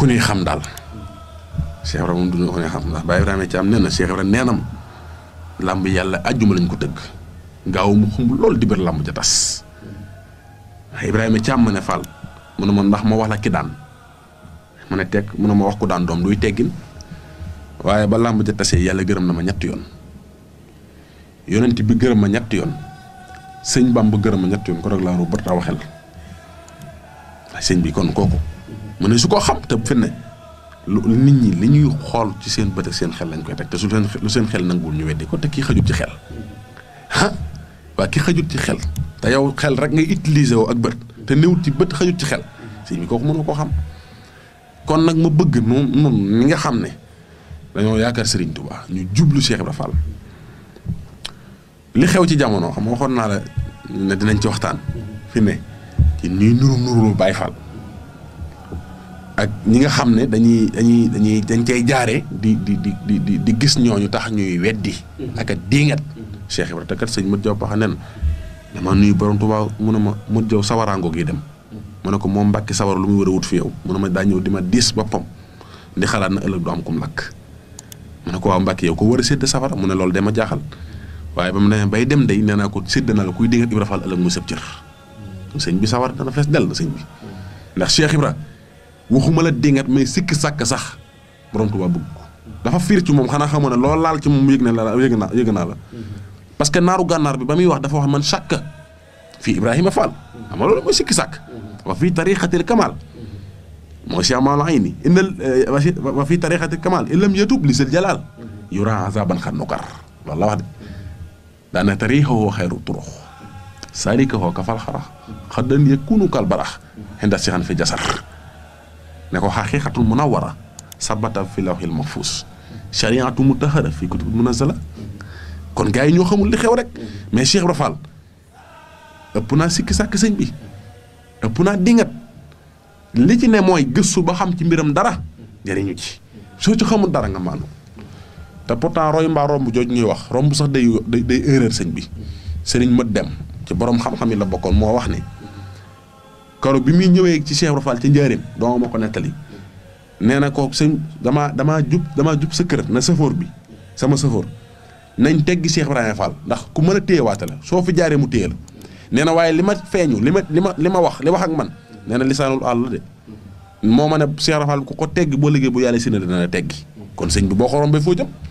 ku ñuy xam daal cheikh ibrahima moom du ñu ko ñuy xam ndax baay ibrahima ci am na cheikh ibrahima nee lamb yàlla àjjuma lañ ko tëgg gaaw mu di ber lamb ja tas ibrahima ci am ma ne fal mu ne ma ndax ma wax la ki daan mu ne teg mu ne ma wax ku daan doom luy teggin ba lamb ja na ma ñett yoon yonent bi gërëm ma ñett yoon sëñ bamb gërëm ma ñett yoon ko rek laa ru bët waxel sëñ bi kon kooku mën ne su ko xam te fi ne lu nit ñi li ñuy xool ci seen bët ak seen xel lañ koy teg te su seen lu seen xel nanguwul ñu weddi ko te kii xajut ci xel ah waa kii xajut ci xel te yow xel rek ngay utiliser woo ak bët te néewut ci bët xajut ci xel si mi kooku mënoo ko xam kon nag ma bëgg moom moom mi nga xam ne dañoo yaakaar Serigne Touba ñu jublu Cheikh Ibra Fall li xew ci jamono xam nga waxoon naa la ne dinañ ci waxtaan fi ne ci nii nuru nuru Baye Fall. ak ñi nga xamne dañuy dañuy dañuy dañ cey jaare di di di di di gis ñoñu tax ñuy weddi mm-hmm. ak a diingat mm-hmm. cheikh ibrahim takkat sëñ mudjo jaw paxa nen dama nuyu borom tuba mu ne ma mudjo sawarango gi dem mu mm-hmm. ne ko moom mbàkki sawar lu mu wëra wut fi yow mu ne ma da ñew dima dis bopam di xalaat na ëlëk du am kum lak mu ne ko wa mbàkki yow ko wëra a sawar safara mu ne loolu dama jaaxal waaye ba ne bay dem day nee ko sédd na la kuy diingat ibra fall ëllëg mu sëb cër sëñ bi sawar dana fess del na bi ndax cheikh ibrahim waxuma la dingat mais sikki sàkk sax borom Tuubaa bëgg ko dafa fiir ci moom xanaa xamoon ne loolu laal ci moom yëg na la yëg naa yëg parce que naaru gànnaar bi ba muy wax dafa wax man sàkk fii Ibrahima Fall xam nga loolu mooy sikki sàkk wa fii tariqatil kamal mooy si amaal ay ni indal eh, wa fii tariqatil kamal illam yatub li sel jalal yura azaban xannukar loolu la wax de daana tariqahu xayru turux salikahu kafal xarax xaddan yakunu kal barax si xan fi jasar ne ko haqiqatul munawwara sabata fi lawhil mahfuz shari'atu mutahhara fi kutubil munazala kon gaay ñoo xamul li xew rek mais cheikh rafal ëpp na sikki sak señ bi ëpp na dingat li ci ne moy gëssu ba xam ci mbiram dara njëriñu ci so ci xamul dara nga manu ta pourtant roy mba rombu joj ñuy wax rombu sax day day erreur señ bi señ ma dem ci borom xam-xam yi la bokkon mo wax ni karo bi muy ñëwee ci Cheikh Ibra ci njaareem doom ma ko nettali nee na ko sëñ damaa damaa jub damaa jub sa kër na safoor bi sama safoor nañ teggi Cheikh Ibrahima Fall ndax ku mën a téyewaate la soo fi jaaree mu téye la nee na waaye li ma feeñu li ma li ma li ma wax li wax ak man nee na lisaanul àll de moo ma a Cheikh Ibra Fall ku ko tegg boo liggéey bu yàlla si ne dina la teggi kon sëñ bi boo ko rombee foo jëm